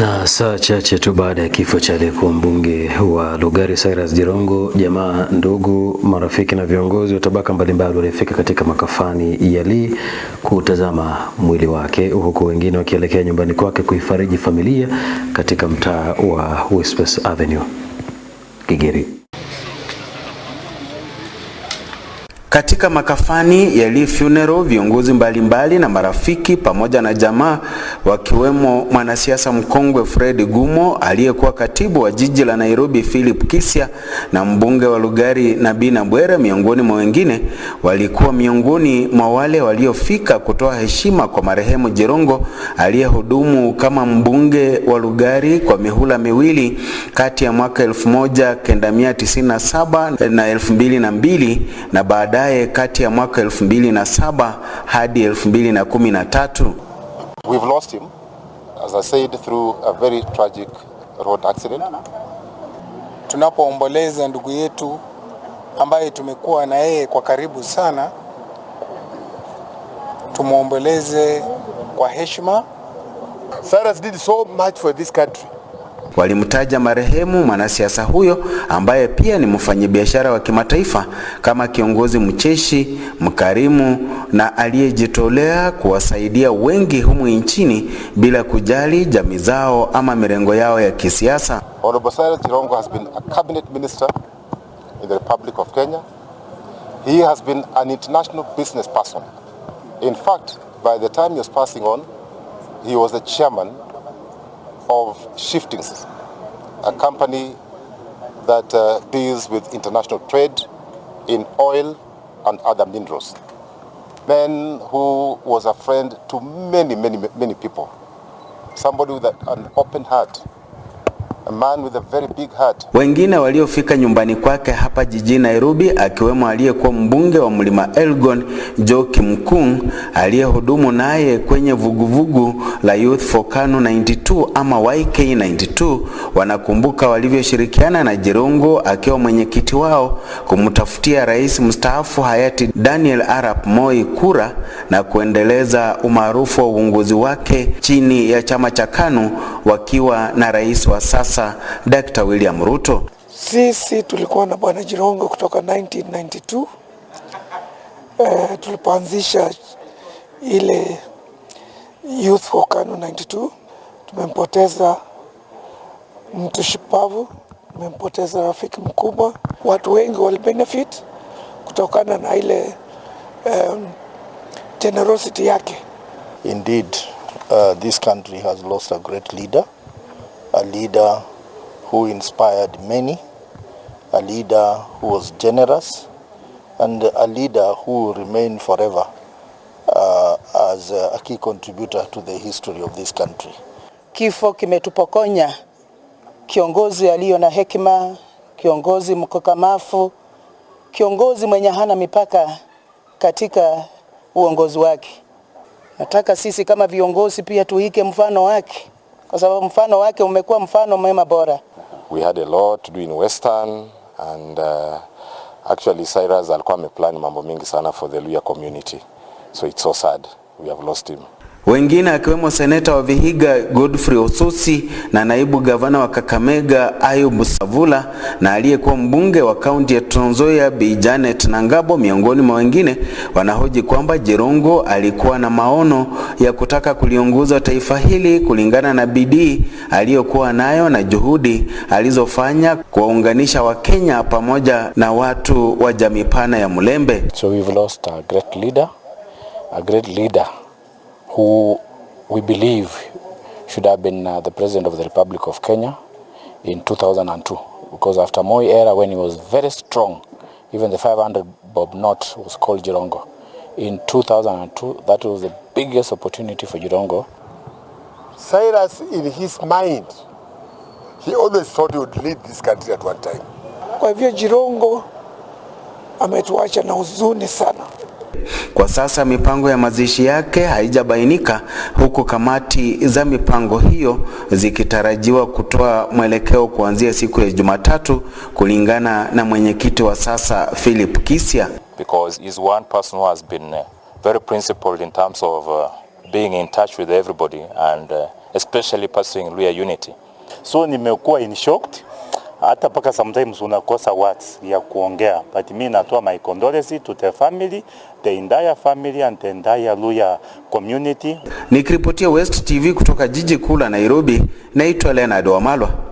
Na saa chache tu baada ya kifo cha aliyekuwa mbunge wa Lugari Cyrus Jirongo, jamaa, ndugu, marafiki na viongozi wa tabaka mbalimbali walifika katika makafani ya Lee kutazama mwili wake, huku wengine wakielekea nyumbani kwake kuifariji familia katika mtaa wa Whispers Avenue Gigiri. Katika makafani ya Lee Funeral viongozi mbalimbali mbali na marafiki pamoja na jamaa wakiwemo mwanasiasa mkongwe Fred Gumo, aliyekuwa katibu wa jiji la Nairobi Philip kisia na mbunge wa Lugari Nabina Bwera, miongoni mwa wengine, walikuwa miongoni mwa wale waliofika kutoa heshima kwa marehemu Jirongo aliyehudumu kama mbunge wa Lugari kwa mihula miwili kati ya mwaka 1997 na 2002 na baada baadaye kati ya mwaka 2007 hadi 2013 we've lost him as I said through a very tragic road accident. Tunapoomboleza ndugu yetu ambaye tumekuwa na yeye kwa karibu sana, tumuomboleze kwa heshima. Cyrus did so much for this country. Walimtaja marehemu mwanasiasa huyo ambaye pia ni mfanyabiashara wa kimataifa kama kiongozi mcheshi, mkarimu na aliyejitolea kuwasaidia wengi humu nchini bila kujali jamii zao ama mirengo yao ya kisiasa. Honorable Cyril Jirongo has been a cabinet minister in the Republic of Kenya. He has been an international business person. In fact, by the time he was passing on, he was the chairman of Shiftings, a company that uh, deals with international trade in oil and other minerals. Man who was a friend to many, many, many people. Somebody with an open heart A man with a very big heart. Wengine waliofika nyumbani kwake hapa jijini Nairobi akiwemo aliyekuwa mbunge wa Mlima Elgon joki Kimkung aliyehudumu naye kwenye vuguvugu vugu la Youth for KANU 92 ama YK 92 wanakumbuka walivyoshirikiana na Jirongo akiwa mwenyekiti wao kumtafutia rais mstaafu hayati Daniel Arap Moi kura na kuendeleza umaarufu wa uongozi wake chini ya chama cha KANU wakiwa na rais wa sasa sasa Dr. William Ruto. Sisi tulikuwa na Bwana Jirongo kutoka 1992 eh, tulipoanzisha ile Youth for KANU 92. Tumempoteza mtu shupavu, tumempoteza rafiki mkubwa. Watu wengi walibenefit kutokana na ile um, generosity yake. Indeed, uh, this country has lost a great leader, a leader who inspired many, a leader who was generous, and a leader who will remain forever uh, as a key contributor to the history of this country. Kifo kimetupokonya kiongozi aliyo na hekima, kiongozi mkakamavu, kiongozi mwenye hana mipaka katika uongozi wake. Nataka sisi kama viongozi pia tuike mfano wake, kwa sababu mfano wake umekuwa mfano mwema bora we had a lot to do in Western and uh, actually Cyrus alikuwa ameplan mambo mingi sana for the Luya community so it's so sad we have lost him wengine akiwemo seneta wa Vihiga Godfrey Osusi na naibu gavana wa Kakamega Ayub Savula na aliyekuwa mbunge wa kaunti ya Trans Nzoia Bi Janet Nangabo miongoni mwa wengine wanahoji kwamba Jirongo alikuwa na maono ya kutaka kuliongoza taifa hili kulingana na bidii aliyokuwa nayo na juhudi alizofanya kuwaunganisha Wakenya pamoja na watu wa jamii pana ya Mulembe. So we've lost a great leader, a great leader who we believe should have been uh, the President of the Republic of Kenya in 2002 because after Moi era when he was very strong even the 500 bob not was called Jirongo in 2002 that was the biggest opportunity for Jirongo Cyrus in his mind he always thought he would lead this country at one time kwa hivyo Jirongo ametuacha na huzuni sana kwa sasa mipango ya mazishi yake haijabainika huku kamati za mipango hiyo zikitarajiwa kutoa mwelekeo kuanzia siku ya Jumatatu kulingana na mwenyekiti wa sasa Philip Kisia. Because he's one person who has been uh, very principled in terms of uh, being in touch with everybody and uh, especially pursuing Luhya unity. So nimekuwa in shocked hata mpaka sometimes unakosa words ya kuongea, but mi natoa my condolences to the family, the entire family and the entire Luya community. Nikiripotia West TV kutoka jiji kuu la Nairobi, naitwa Leonard Wamalwa.